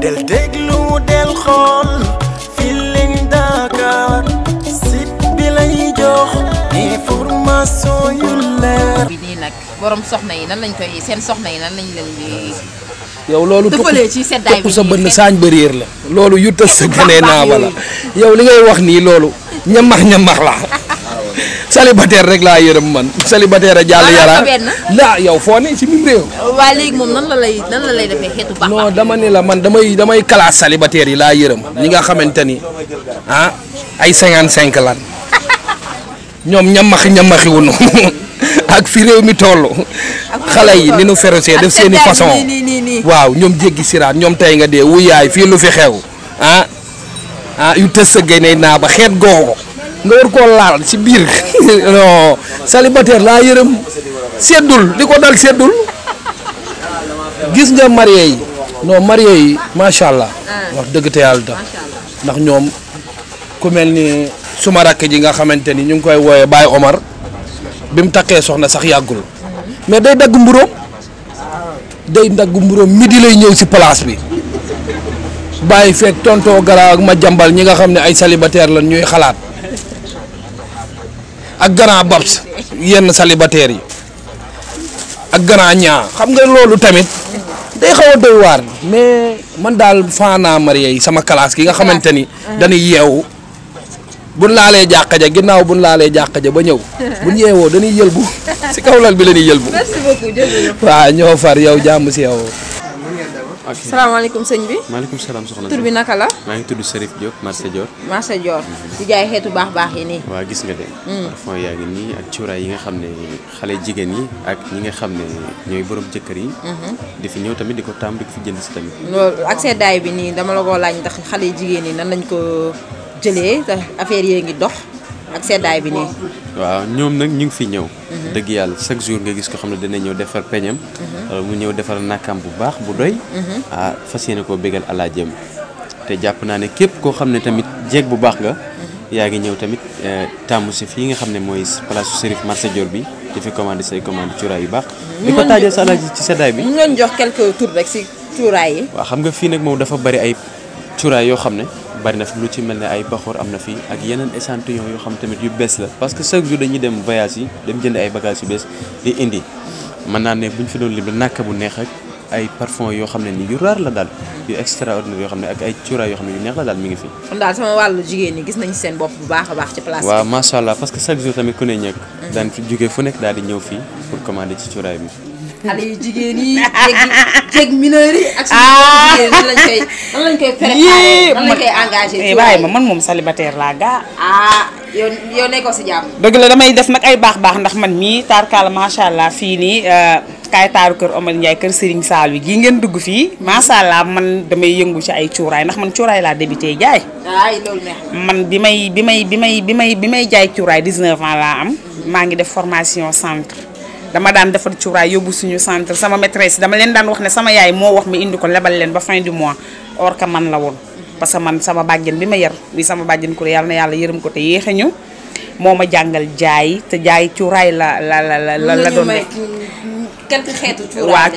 del déglu del xool Feeling Dakar site bi lay jox information yu leer. bi nii nag borom soxna yi nan lañ koy seen soxna yi nan lañ leen di. yow loolu topp ci seddaay bi sa bënn saañ ba réer la. loolu yuttal sa gënee naa wala yow li ngay wax nii loolu ñamax ñamax la célibataire rek laa yërëm man célibataire a jàll yara laa yow foo ne si mim réew waa dama ne la man damay damay classe yi laa yërëm ñi nga xamante ni ah ay cinquante cinq lan ñoom ñamaxi ñamaxi wunu ak fi réew mi toll xale yi ni nu ferosee def seen façon waaw ñoom jéggi siraat ñoom tey nga dee wuyaay fii lu fi xew ah ah yu tës sa naa ba xeet googu nga war koo laal si biir non célibataire laa yërëm seddul li ko dal seddul gis nga marié yi non marié yi macha allah ah. wax dëgg te yàlla tam ndax ñoom ku mel ni suma rakk ji nga xamante ni ñu ngi koy wooyee bàyyi Omar bi mu takkee soxna sax yàggul mais day dagg mburoom day dagg mburoom midi lay ñëw si place bi bàyyi feeg tontoo gara ak ma jambal ñi nga xam ne ay célibataire lan ñuy xalaat. ak grand babs yenn célibataires yi ak grand ñaa xam nga loolu tamit day xaw a doy waar mais man daal faana marié yi sama classe ki nga xamante ni dañuy yeewu buñ laalee jàkka ja ginnaaw buñ laalee jàkka ja ba ñëw buñ yeewoo dañuy yëlbu si kaw lal bi la ñuy yëlbu ñoo far yow jàmm si yow ok salaamaaleykum sëñ bi. maaleykum salaam soxna tur bi naka la. maa ngi tudd Serif Diop Marché Dior. Marché Dior. Mhm. di jaay xeetu baax baax yi nii. waaw gis nga de. Mm. parfum yaa ngi nii ak cuuraay yi nga xam ne xale jigéen yi ak ñi nga xam ne ñooy borom jëkkër yi. Mhm. di fi ñëw tamit di ko taam di fi jënd si tamit. loolu ak seddaay bi nii dama la ko laaj ndax xale jigéen yi nan lañ ko jëlee affaire yee ngi dox. ak seddaay bi nii. waaw ñoom nag ñu ngi fi ñëw. dëgg yàlla chaque jours nga gis ko xam ne dina ñëw defar peñam. Mhm. mu ñëw defar nakam bu baax bu doy. Mhm. ah fas yéene koo bégal alaajem te jàpp naa ne képp koo xam ne tamit jeeg bu baax nga. Mhm. yaa ngi ñëw tamit eh, tàmm si fii nga xam ne mooy place Serif marché joor bi di fi commandé say commande cuuraay yu baax. di ko taajal sa alaaji ci seddaay bi. jox quelques rek si cuuraay yi. waaw xam nga fii nag moom dafa bari ay cuuraay yoo xam ne. bari na fi lu ci mel ne ay baxoor am na fi ak yeneen échantillon yoo xam tamit yu bees la parce que chaque jour dañuy dem voyage yi dem jënd ay bagages yu bees di indi mën naa ne bu ñu fi doon lim la nàkk bu neex ak ay parfum yoo xam ne ni yu raar la daal yu extraordinaire yoo xam ne ak ay cuuraay yoo xam ne yu neex la daal mi ngi fi. kon daal sama wàllu jigéen ñi gis nañu seen bopp bu baax a baax ci place waaw macha allah parce que chaque jour tamit ku nekk daal di ñëw fii pour commander ci cuuraay bi. xale yu jigéen yi jéeg jéeg mineur yi ak suñu ah. jigéen eh, man moom célibataire laa gaa ah yow nekkoo si jàmm dëgg la damay def nag ay baax baax ndax man mii tarkaal macha allah fii nii euh, kaay taaru kër Omar Ndiaye kër Serigne Sall wi gii ngeen dugg fii macha allah man damay yëngu ci ay cuuraay ndax man cuuraay laa débuté jaay ay man bi may bi may bi may bi may bi may jaay cuuraay 19 ans laa am maa ngi def formation centre dama daan defar cuuraay yóbbu suñu centre sama maîtresse dama leen daan wax ne sama yaay moo wax mi indi ko lebal leen ba fin du mois or que man la woon. parce que man sama bàjjen bi ma yar bi sama bàjjen ko yàlla na yàlla yërëm ko te yéex a ñëw moo ma jàngal jaay te jaay cuuraay la la la la la doon def.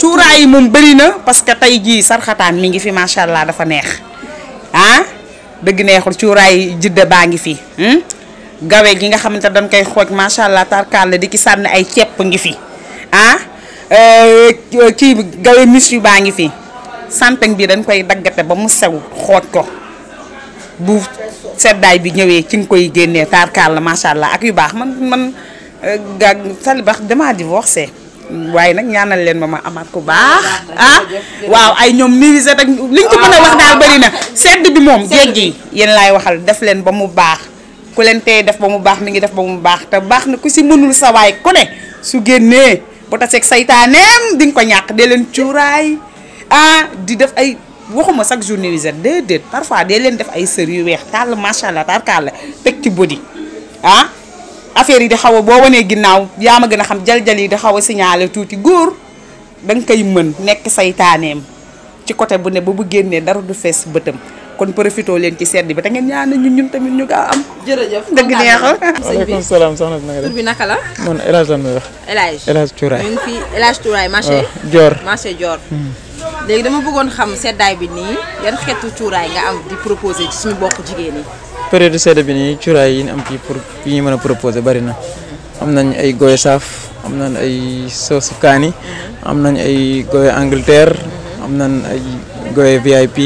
cuuraay moom bëri na parce que tey jii sarxataan mi ngi fi macha allah dafa neex ah dëgg neexul cuuraay jidda baa ngi fi. Hmm? gawe gi nga xamante dañ koy xooj macha allah tarkaal di ki sànni ay cepp ngi fi ah eh, kii gawe mis yu baa ngi fi sampeng bi dañ koy daggate ba mu sew xooj ko bu seddaay bi ñëwee ci nga koy génnee tarkaal la macha allah ak yu baax man man eh, ga salibax dama divorcé waaye nag ñaanal leen ba ma amaat ku baax ah, waaw ay ñoom nuisette ak liñ ko mën a wax daal bëri na sedd bi moom géej gi yéen laay waxal def leen ba mu baax ku leen tey def ba mu baax mi ngi def ba mu baax te baax na ku si mënul sa waay ku ne su génnee bu taseeg saytaaneem di nga ko ñàkk dee leen cuuraay ah di def ay waxuma chaque jour nuisette déedéet parfois dee leen def ay sër yu weex tàll macha allah tarkaal la teg ci body ah affaire yi di xaw a boo wanee ginnaaw yaa ma gën a xam jaljal yi di xaw a signalé tuuti góor da nga koy mën nekk saytaaneem ci côté bu ne ba bu génnee dara du fees bëtam. kon profité leen ci sedd bi te ngeen ñaan ñun ñun tamit ñu am. jërëjëf dëgg neexal. waaleykum salaam soxna nga naka la. man El Hadj lan may wax. El Hadj El ah, hmm. léegi dama bëggoon xam seddaay bi nii yan xeetu cuuraay nga am di proposer ci suñu bokk jigéen yi. période bi nii cuuraay yi ñu am fii pour yi mën a proposer bari na. am nañ ay goye saaf am nañ ay soosu kaani. Hmm. am nañ ay goye Angleterre. Hmm. am nañ ay. Goye VIP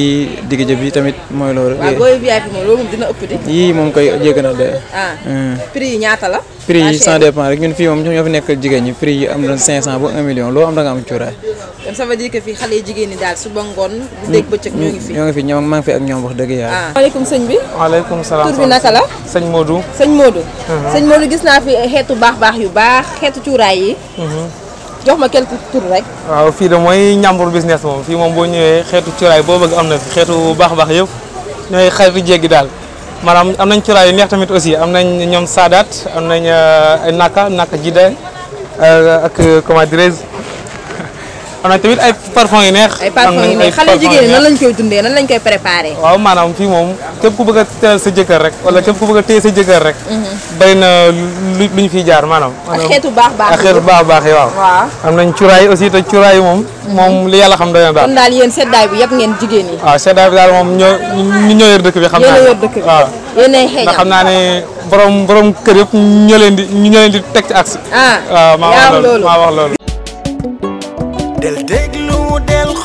digg jëb tamit mooy loolu. Eh. dina ëpp de. yii moom koy jégg na de. ah eh. yi ñaata la. prix yi sans dépend rek ñun fii moom ñoo fi nekk jigéen ñi prix yi am na 500 ba 1 million loo am da nga am cuuraay. kon ça veut fii xale yi jigéen ñi daal suba ngoon. bu dégg bëccëg ñoo ngi fi ñoo ngi fi ak ñoom wax dëgg yàlla. Ah. waaleykum sëñ bi. waaleykum salaam mhm. cuuraay yi. Mhm. jox ma quelque tur rek. waaw fii de mooy ñàmbur business moom fii moom boo ñëwee xeetu cuuraay boo bëgg am na fi xeetu baax baax yëpp ñooy xeetu jéggi daal maanaam am nañ cuuraay yu neex tamit aussi am nañ ñoom saadaat am nañ euh, ay naka naka jida euh, ak comment dirais am na tamit ay parfum yu neex. ay parfum yu neex xale jigéen ñi nan lañ koy dundee nan lañ koy préparé. waaw maanaam fii moom képp ku bëgg a teral sa jëkkër rek wala képp ku bëgg a téye sa jëkkër rek. Mhm. bari na lu luñ fiy jaar maanaam. ak xeetu baax baax ak xeetu baax baax yi waaw. am nañ cuuraay aussi te cuuraay moom. Mhm. moom li yàlla xam doy na seddaay bi yëpp ngeen jigéen waaw seddaay bi daal moom ñoo ñoo yor dëkk bi. xam naa ne yéen a kër yëpp ñoo leen di ñoo leen ah waaw loolu